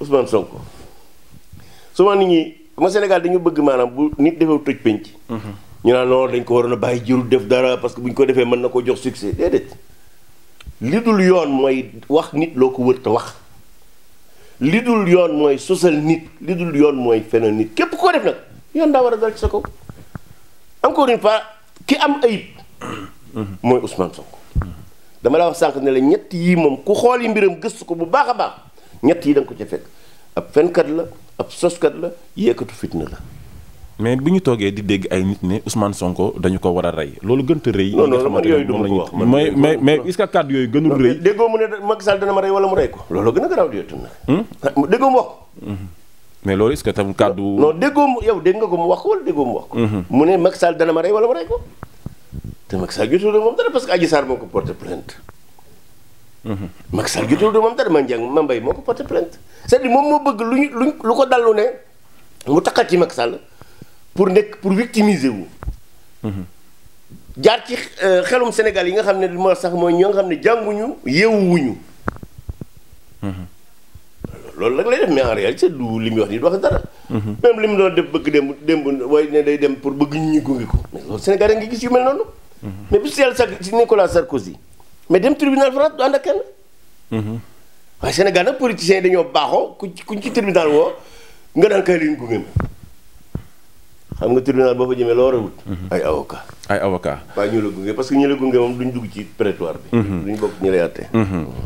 Ousmane Sonko souvent nit ñi ma senegal dañu bëgg maanaam bu nit defew toj penc. Mhm. ñu naa non dañ ko waroon a bàyyi jirul def dara parce que bu ñu ko defee mën na ko jox succès déedéet li dul yoon mooy wax nit loo ko wër wax li dul yoon mooy sosal nit li dul yoon mooy feneen nit képp koo def nag yoon daa war a dal ci sa kaw encore une fois ki am ayib. Mhm. mooy Ousmane dama la wax sànq ne la ñett yii moom ku xool yi mbiram gëstu ko bu baax a baax ñett yi da ko ca fekk. ab fenkat la ab soskat la yéekatu fitna la. mais bi ñu toogee di dégg ay nit ne Ousmane Sonko dañu ko war a rey loolu gën a rëy. non yooyu du ma ko wax mais mais mais est-ce que kàddu yooyu gënul rëy. déggoo mu ne Macky Sall ko. a garaaw di yottu hmm? ah, déggoo mu wax ko. Hmm. mais loolu est-ce kàddu. non déggoo mu yow dégg nga ko mu wax ko wala déggoo hmm. mu ne Macky Sall dana ma rey wala mu rey ko. te Macky Sall jotul moom dara parce que Adji Sarr ko porté plainte Macky Sall jotul du moom dara man jàng ma mbay moo ko porté plainte cest à moom moo bëgg luñu luñ lu ko dallu ne mu taxal ci Macky Sall pour nekk pour victimiser wu jaar ci euh, xelum Sénégal yi nga xam ne li ma sax mooy ñoo nga xam ne jànguñu yeewuwuñu loolu nag lay def mais en réalité du li muy wax nii wax dara. même li mu doon def bëgg dem démb waaye ne day dem pour bëgg ñu gunge ko mais loolu Sénégal yi nga gis yu mel noonu. mais bu si yàlla sax si Nicolas Sarkozy. mais dem tribunal France du ànd ak kenn. Mhm. waaye Sénégal nag politiciens yi dañoo baaxoo ku ci ku ci tribunal woo nga daan kay liñ gunge ma xam nga tribunal boo fa jëmee loo war a wut. Mhm. ay avocat ay avocat waaye ñu la gunge parce que ñu la gunge moom duñ dugg ci prétoire bi. Mhm. duñ bokk ñu lay àtte.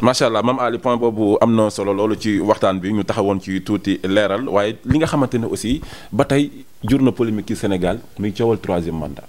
macha allah maam Ali point boobu am na solo loolu ci waxtaan bi ñu taxawoon ci tuuti leeral waaye li nga xamante ne aussi ba tey jur na polémique ci Sénégal muy coowal troisième mandat.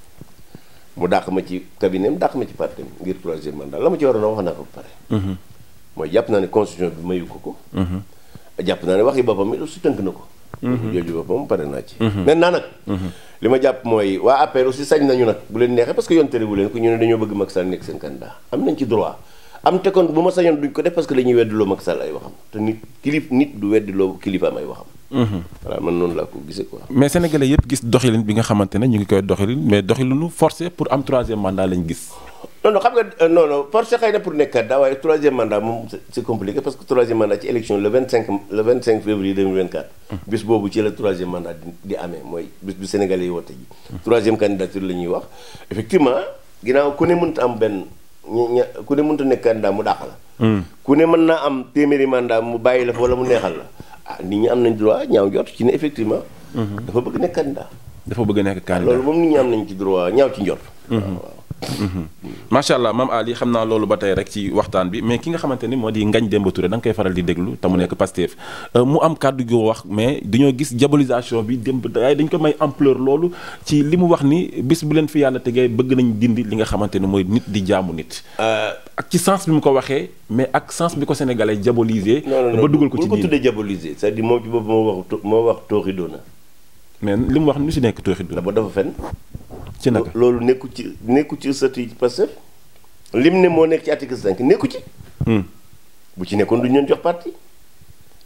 mu dàq ma ci cabinet am dàq ma ci parti ngir troisième mandat la ma ci waroon a wax na ko ba mhm. mooy jàpp naa ne constitution bi mayu ko ko. Mhm. jàpp naa ne yi boppam it su tënk na ko. Mhm. jooju boppam pare naa ci. maintenant nag. li ma jàpp mooy waa APR aussi sañ nañu nag bu leen neexee parce que yoon tere wu leen ko ñu ne dañoo bëgg Macky Sall nekk seen candidat am nañ ci droit am te kon bu ma sañoon duñ ko def parce que dañuy weddiloo Macky Sall ay waxam te nit kilif nit ay waxam. voilà man noonu laa ko gisee quoi. mais sénégalais yëpp gis doxalin bi nga xamante ne ñu ngi koy doxalin mais doxalinu forcé pour am troisième mandat lañ gis. non non xam nga euh, non non forcé xëy na pour nekkaat daa waaye troisième mandat moom mooy bis bu sénégalais yi woote ji. troisième wax effectivement ginnaaw ku ne mënta am benn. ku ne mënut a nekk candidat mu dàq la. Hmm. ku ne mën naa am téeméeri mandat mu bàyyi la fa wala mu neexal la. ah nit ñi am nañ droit ñaaw jot ci ne effectivement. Mhm. dafa bëgg nekk candidat. dafa bëgg nekk candidat loolu moom nit ñi am nañ ci droit ñaaw ci njort. Mhm. macha allah maam Ali xam naa loolu ba tey rek ci waxtaan bi mais ki nga xamante ni moo di Ngagne Demba Touré da koy faral di déglu te mu nekk Pastef euh, mu am kàddu goo wax mais dañoo gis diabolisation bi démb daay dañ ko may ampleur loolu ci li mu wax ni bis bu leen fi yàlla tegee bëgg nañ dindi li nga xamante ni mooy nit di jaamu nit. Euh, ak ci sens bi mu ko waxee mais ak sens bi ko sénégalais diabolisé. ba dugal ko ci diin non non non bu ko tuddee diabolisé moom ci boppam moo wax moo wax tooxi doona mais li mu wax lu si nekk tooxi la ba dafa fen ci naka loolu nekku ci nekku ci statut Pastef lim ne moo nekk ci article 5 nekku ci hmm. bu ci nekkoon du ñu jox parti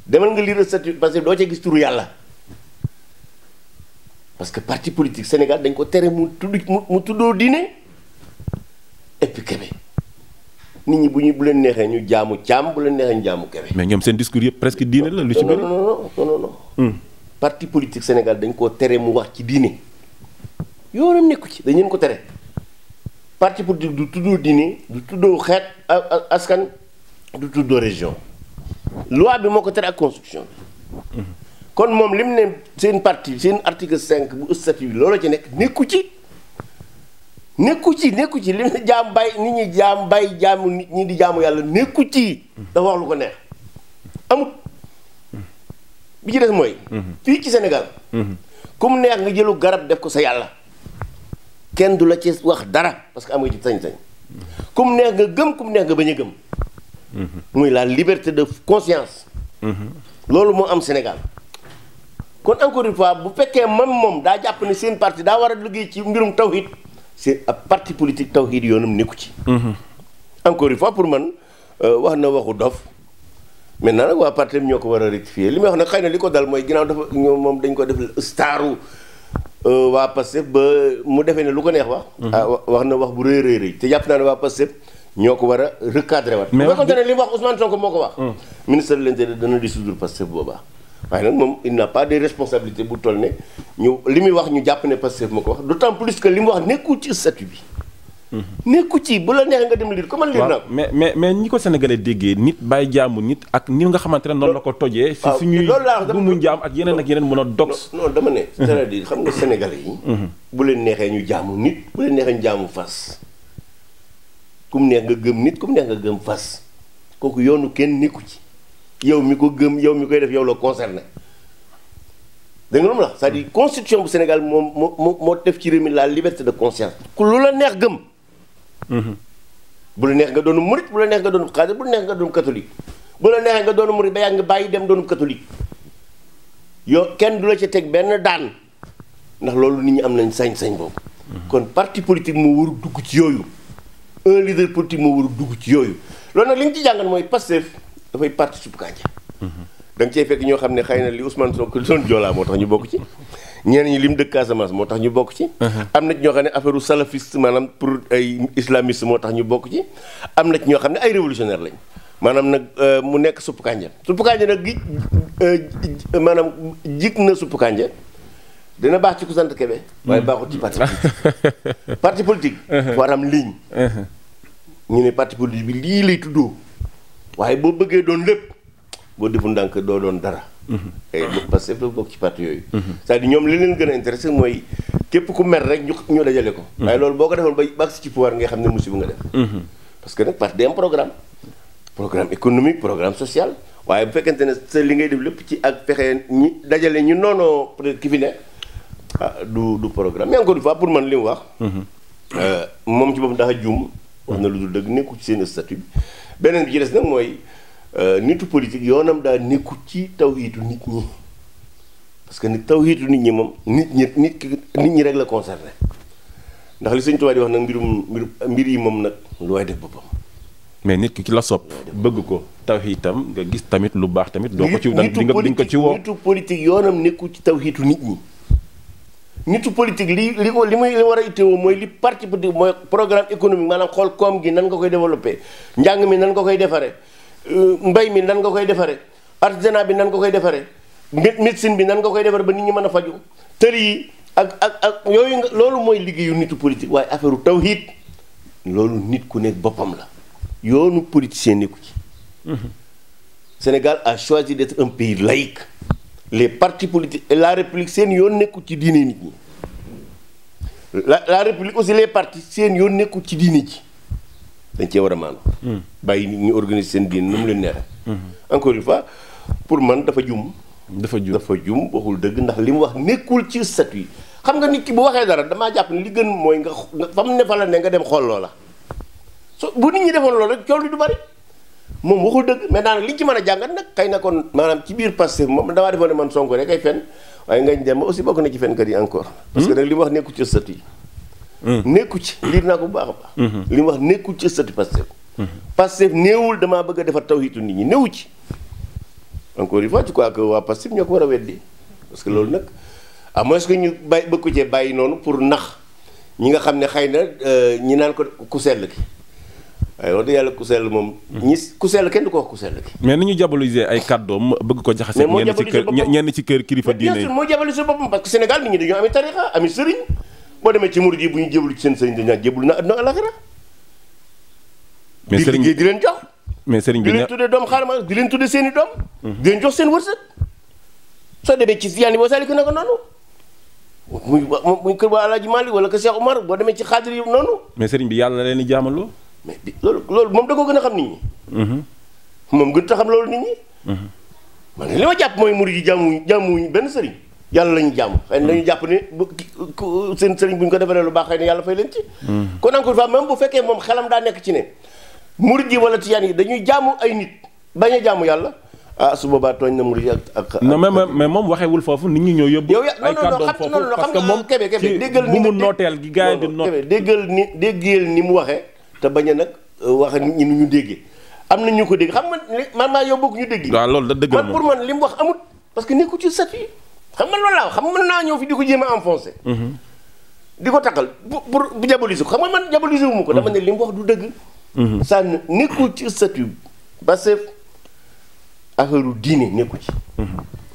demal nga lire statut Pastef doo ci gis turu yàlla parce que parti politique Sénégal dañ ko tere mu tudd mu tuddoo diine et puis Kébé nit ñi bu ñu bu leen neexee ñu jaamu caam bu leen neexee ñu jaamu Kébé mais ñoom seen discours yëpp presque diine la lu ci bëri non hmm. parti politique Sénégal dañ koo tere mu wax ci diine yoonam nekku ci dañ leen ko tere parti politique du tuddoo diine du tuddoo xeet askan du tuddoo région loi bi moo ko tere ak constitution kon moom li mu ne seen parti seen article cinq bu statut bi loolu ci nekk nekku ci nekku ci nekku ci li mu ne jaam bàyyi nit ñi jaam bàyyi jaamu nit ñi di jaamu yàlla nekku ci dafa wax lu ko neex bi ci des mooy. Mhm. fii ci Sénégal. Mhm. kum neex nga jëlu garab def ko sa yàlla. kenn du la ci wax dara parce que am nga ci sañ-sañ. kum neex nga gëm kum neex nga bañ a gëm. Mhm. muy la liberté de conscience. loolu moo am Sénégal. kon encore une fois bu fekkee man moom daa jàpp ne seen parti daa war a liggéey ci mbirum tawhid c'est ab parti politique tawhid yoonam nekku ci. encore une fois pour man euh, wax na waxu dof. maintenant nag waa parti ñoo ko war a rectifier li may wax nag xëy na li ko dal mooy ginnaaw dafa ñoom moom dañ ko def staru euh, waa Pastef ba mu defee ne lu ko neex wax. Mhm. Ah, wax na wax bu rëy rëy rëy te jàpp naa ne waa Pastef ñoo ko war a recadré waat. mais wax li mu wax Ousmane moo ko wax. Mhm. ministre de l'intérieur dana dissoudre Pastef boobaa. waaye nag moom il n'a pas de responsabilité bu toll ne ñu li muy wax ñu jàpp ne Pastef moo ko wax d'autant plus que li mu wax nekkul ci statut bi. nekku ci bu la neexee nga dem liir ko man liir naa ko mais mais ñi ko sénégalais déggee nit bàyyi jaamu nit ak ni nga xamante ne noonu la ko tojee si suñuy bu mu jaam ak yeneen ak yeneen mën a dox non dama ne mhm. c'est-à-dire xam nga sénégalais yi mhm. bu leen nit bu leen neexee ñu jaamu fas gëm nit ku mu neex nga gëm fas kooku yoonu kenn nekku ci yow mi ko gëm yow mi koy def yow la concerné dégg nga lu ma mhm. constitution bu Sénégal moom moo moo moo def ci réew mi la liberté de conscience ku lu la neex gëm Mm-hmm. bu la neex nga doon murit bu la neex nga doonu xaadir bu la neex nga doon catholique bu la neex nga doon murit ba yàgg nga bàyyi dem doon catholique yow kenn du la ci teg benn daan ndax loolu nit ñi am nañ sañ-sañ boobu. Mm-hmm. kon parti politique moo war dugg ci yooyu un leader politique moo war a dugg ci yooyu loolu nag li ñu ci jàngat mooy Pastef dafay parti suuf kànja. Mm-hmm. da nga cee fekk ñoo xam ne xëy na li Ousmane Sonko doon joolaa moo tax ñu bokk ci. ñeneen ñi lim dëkk Casamance moo tax ñu bokk ci. Uh-huh. am na ci ñoo xam ne affaire salafiste maanaam pour ay islamiste moo tax ñu bokk ci am na ci ñoo xam ne ay révolutionnaire lañ maanaam nag euh, mu nekk suppu kànja suppu kànja nag gi euh, maanaam jig na suppu kànja dina baax ci ku sant Kébé. waaye mm. baaxul ci parti politique. parti politique. Uh-huh. war am ligne. Uh-huh. ñu ne parti politique bi lii lay tuddoo waaye boo bëggee doon lépp boo defu ndànk doo doon dara. bokk Pastef la bokk ci parti yooyu mhm. c'est-à-dire ñoom li leen gën a intéressé mooy képp ku mer rek ñu ñu dajale ko mhm. waaye loolu boo ko defal bay bàgg si ci pouvoir nga xam ne musiba nga def mhm. parce que nag parti day am programme programme économique programme social waaye bu fekkente ne sa li ngay def lépp ci ak pexe ñi dajale ñu noonoo peut être ki fi ne ah du du programme mais encore une fois pour man li mu wax euh, moom ci boppam dafa juum wax na lu dul dëgg nekkul ci seen statut beneen bi ci des mooy Euh, nitu politique yoonam daa nekkut ci tawhiidu nit ñi parce que nit tawhiidu nit ñi moom nit ñi nit ki nit ñi rek la concerné ndax li suñ Tuubaa yi wax nag mbirum mbirum mbir yi moom nag lu waay def boppam. mais nit ki ki la sopp bëgg ko tawhiidam nga gis tamit lu baax tamit. doo ko ci dan di nga ko ci woo nitu politique yoonam nekkul ci tawhiidu nit ñi. nitu politique li li ko muy li war a moom mooy li parti politique mooy programme économique maanaam xool koom gi nan nga koy développé njàng mi nan nga koy defaree. mbay mi nan nga koy defaree artisanat bi nan nga koy defaree médecine bi nan nga koy defaree ba nit ñi mën a faju tër yi ak ak ak yooyu loolu mooy liggéeyu nitu politique waaye taw tawhid loolu nit ku nekk boppam la yoonu politicien nekku ci mhm. Sénégal a choisi d'être un pays laïque les parti politiques et la république seen yoon nekku ci diine nit ñi la la république aussi les partis seen yoon nekku ci diine ji dañ cee war a maandu. Hmm. bàyyi nit ñi organiser seen diin nu mu leen neexee. Hmm. encore une fois pour man dafa jum. dafa jum dafa jum waxul dëgg ndax li mu wax nekkul ci statut yi xam nga nit ki bu waxee dara damaa jàpp li gën mooy nga fa mu ne fa la ne nga dem xool loola. so bu nit ñi defoon loolu rek coow li du bari moom waxul dëgg mais daanaka li ci mën a jàngat nag xëy na kon maanaam ci biir Pastef moom damaa defoon ne man Sonko rek ay fen waaye Ngagne Demba aussi bokk na ci fenkat yi encore. parce que hmm. li wax nekkul ci statut nekkul ci liir naa ko bu baax a baax. Mhm. li mu wax nekkul ci statut Pastef. Mhm. Pastef néewul damaa bëgg a defar tawhidu nit ñi néewu ci. encore une fois je crois que waa Pastef ñoo ko war a weddi parce que loolu nag à moins que ñu bàyyi bëgg ko cee bàyyi noonu pour nax ñi nga xam ne xëy na euh, ñi naan ko ku ku sell moom. Mhm. ku sell kenn du ko wax ko jaxase. ñenn ci kër ñenn ci kër kilifa diine yi. moo jaboliser boppam parce que Sénégal nit ñi dañoo ami tarixa sëriñ. boo demee ci murid yi bu ñu jébbalu ci seen sëriñ dañu naan jébbalu na àdduna alaxira mais sëriñ bi di leen jox. mais sëriñ bi di leen tudde doom xaaral ma di leen tudde seeni doom. Mhm. di leen jox seen wërsëg. soo demee ci Tijaani boo saliku naka noonu. muy muy kër ba Alaaji Maalik wala kër Cheikh Omar boo demee ci xaadir yi noonu. mais sëriñ bi yàlla leen di jaamaloo. mais bi loolu loolu moom da koo gën a xam nit ñi. Mhm. moom gën a xam loolu nit ñi. Mhm. man li ma jàpp mooy murid yi jaamuwuñ benn sëriñ yàlla lañu jàmm xëy na mm. jàpp ni bu seen sëriñ bu ñu ko defalee lu baax xëy na yàlla fay leen ci mm. kon encore fois même bu fekkee moom xelam daa nekk ci ne murid yi wala tijaan yi dañuy jaamu ay nit bañ a jaamu yàlla ah su boobaa tooñ na murid yi ak ak non mais mais moom waxewul foofu nit ñi ñoo yóbbu yow ay kàddoom foofu moom kebe kebe déggal ni bu mu nooteel gi gars yi di noot déggal ni ni mu waxee te bañ a nag euh, wax nit ñi ni ñu déggee am na ñu ko dégg xam nga man maa yow bokk ñu dégg waaw loolu da dëggal moom pour man li mu wax amut parce que xam nga loolu laa xam nga mën naa ñëw fi di ko jéem a enfoncé. Mhm. di ko takkal pour pour diaboliser ko xam nga man diaboliser wu mu ko. dama ne mhm. li mu wax du dëgg. saa mhm. nekkul ci statut Pastef affaire diine nekku ci.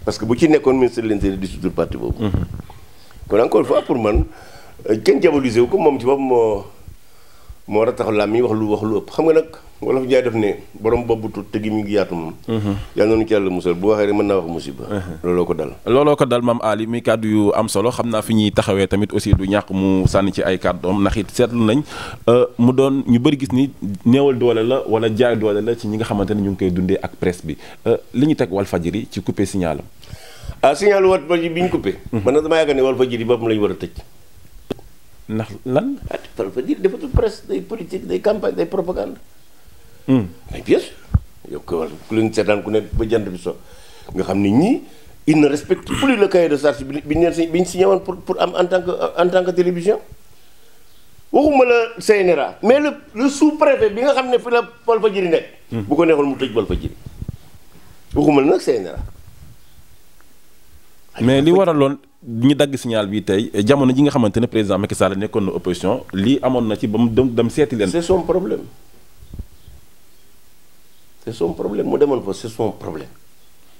parce que bu ci nekkoon ministre de l'intérieur di sutur parti boobu. kon encore une fois pour man euh, kenn diaboliser wu ko moom ci boppam moo moo war a taxaw laa mi wax lu wax lu ëpp xam nga nag. wolof jaay def ne borom boppatu tëggi mi ngi yaatu moom. Mhm. yàlla noonu ci yàlla musal bu waxee rek mën naa wax musiba. Mhm. looloo ko dal. looloo ko dal maam Ali mi kàddu yu am solo xam naa fi ñuy taxawee tamit aussi du ñàkk mu sànni ci ay doom ndax it seetlu nañ euh, mu doon ñu bëri gis ni néewal doole la wala jaay doole la ci ñi nga xamante ne ñu ngi koy dundee ak presse bi euh, li ñu teg Walfadjri ci coupé signalam. ah signal Walfadjri bi ñu coupé. Mhm. man nag damaa yaakaar ne Walfadjri boppam la ñu war a tëj. ndax lan. ah Walfadjri day politique day campagne Hmm. mais bien sûr yow ko wax ku leen seetaan ku nekk ba jant bi so nga xam ni ñii il ne respecte plus le cahier de charge bi bi si bi ñu woon pour pour am en tant que en tant que télévision waxuma la CNRA mais le le sous-préfet bi nga xam ne fi la Walfadjri nekk. Hmm. bu ko neexoon mu tëj Walfadjri waxuma la nag CNRA. mais li waraloon ñu dagg signal bi tey jamono ji nga xamante ne président Macky Sall nekkoon na opposition lii amoon na ci ba mu dem seeti leen. c'est son problème. c'est son problème mu demoon fa c'est son problème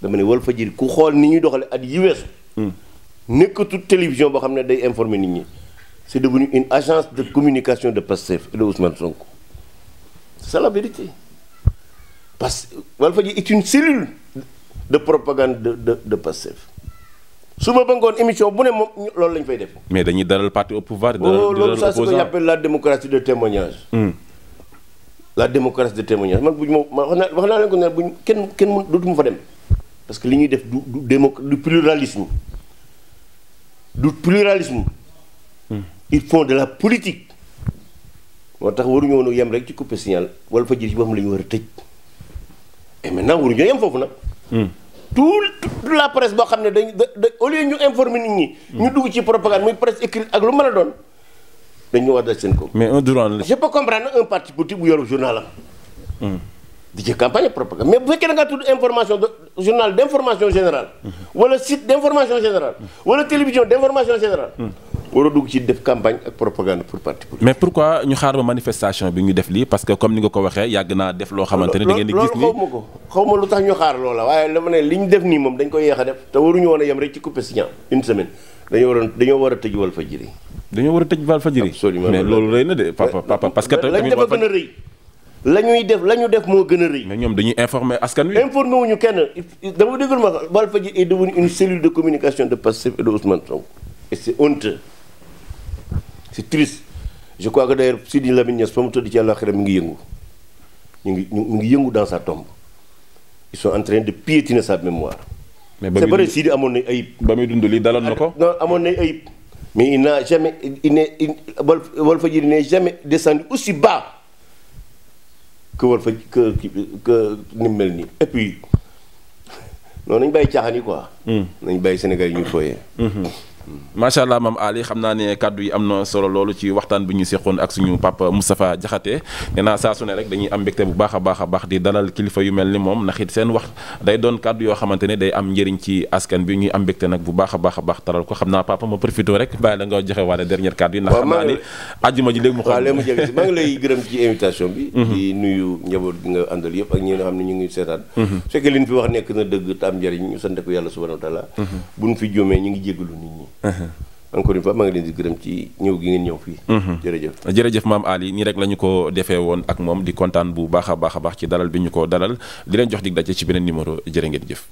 dama ne wal fa jëri ku xool ni ñuy doxale at yi hmm. nekkatu télévision boo xam ne day informer nit ñi c'est devenu une agence de communication de Pastef et de Ousmane Sonko c'est la vérité parce que wal fa jëri est une cellule de propagande de de de Pastef suba ba ngoon émission bu ne moom loolu lañ fay def. mais dañuy daral parti au pouvoir. di oh, dalal opposant loolu ça c'est ce la démocratie de témoignage. Hmm. la démocratie de témoignage man bu ñu ma wax naa wax naa leen ko ne bu ñu kenn kenn mën dootuma fa dem parce que li ñuy def du du démo du pluralisme du pluralisme. Hmm. il faut de la politique. moo tax waruñu nu yem rek ci coupé signal wala fa jël ci boppam la ñu war a tëj et maintenant waruñoo yem foofu nag. Hmm. tout toute la presse boo xam ne dañ da au lieu ñu informer nit ñi. Hmm. ñu dugg ci propagande muy presse écrite ak lu mën a doon. dañ ñu war daj seen kaw. mais un Duran la. je peux comprendre un parti politique bu yor journal am. Hmm. di ci campagne propagande mais bu fekkee da ngaa tudd information de journal d' information générale. wala site d' information générale. wala télévision d' information générale. Hmm. war a dugg ci def campagne ak propagande pour parti politique. mais pourquoi ñu xaar ba manifestation bi ñu def lii parce que comme ni nga ko waxee yàgg naa def loo xamante ne da ngeen di gis ni loolu xaw ma ko xaw ma lu tax ñu xaar loola waaye dama ne li ñu def nii moom dañ koy yéex a def te waruñu woon a yem rek ci coupé si une semaine. dañoo waroon dañoo war a tëj Walfadjri. dañoo war a tëj Walfadjri. absolument mais loolu rëy na de papa papa parce que. tamit dafa gën a rëy. la ñuy def la ñu def moo gën a rëy. mais ñoom dañuy informer askan wi. informer wuñu kenn dama déglu ma Walfadjri est devenu une cellule de communication de Pastef et de Ousmane Sonko. et c' est honteux triste je crois que d' ailleurs Sidi Lamine Niass fa mu tëdd ci àllaaxira mi ngi yëngu ñu ngi ñu ngi yëngu dans sa tombe ils sont en train de piétiner sa mémoire. mais c'est vrai Sidi amoon nay ayib. ba muy dund lii daloon na ko. Ah, non amoon nay ayib. mais il n'a jamais il n'est Walfadjri n'est jamais descendu aussi bas que Walfadjri que que ni mu mel nii et noonu nañ bàyyi caaxaan yi quoi. Hmm. nañ bàyyi Sénégal yi ñuy fooyee. Hmm. macha allah maam Ali xam naa ne kàddu yi am na solo loolu ci waxtaan bi ñu seqoon ak suñu su ne rek dañuy am mbégte bu baax a baax a baax di dalal kilifa yu mel ni moom ndax it seen wax day doon kàddu yoo xamante ne day am njëriñ ci askan bi ñuy am mbégte nag bu baax a baax a baax taral ko xam naa papa ma profité ni àjjuma ji léegi mu xool léegi maa ngi mhm. ñu ngi seetaan mhm. fekk liñ fi wax nekk na dëgg te am ñu sante ko yàlla subhanahu wa taala mhm. buñ fi juumee ñu ngi jégalu nit ñi Uh-huh. encore une fois maa ngi leen di gërëm ci ñëw gi ngeen ñëw fii. Uh-huh. jërëjëf jërëjëf maam Ali nii rek la ñu ko defee woon ak moom di kontaan bu baax a baax a baax ci dalal bi ñu ko dalal di leen jox dig daje ci beneen numéro jëre ngeen jëf.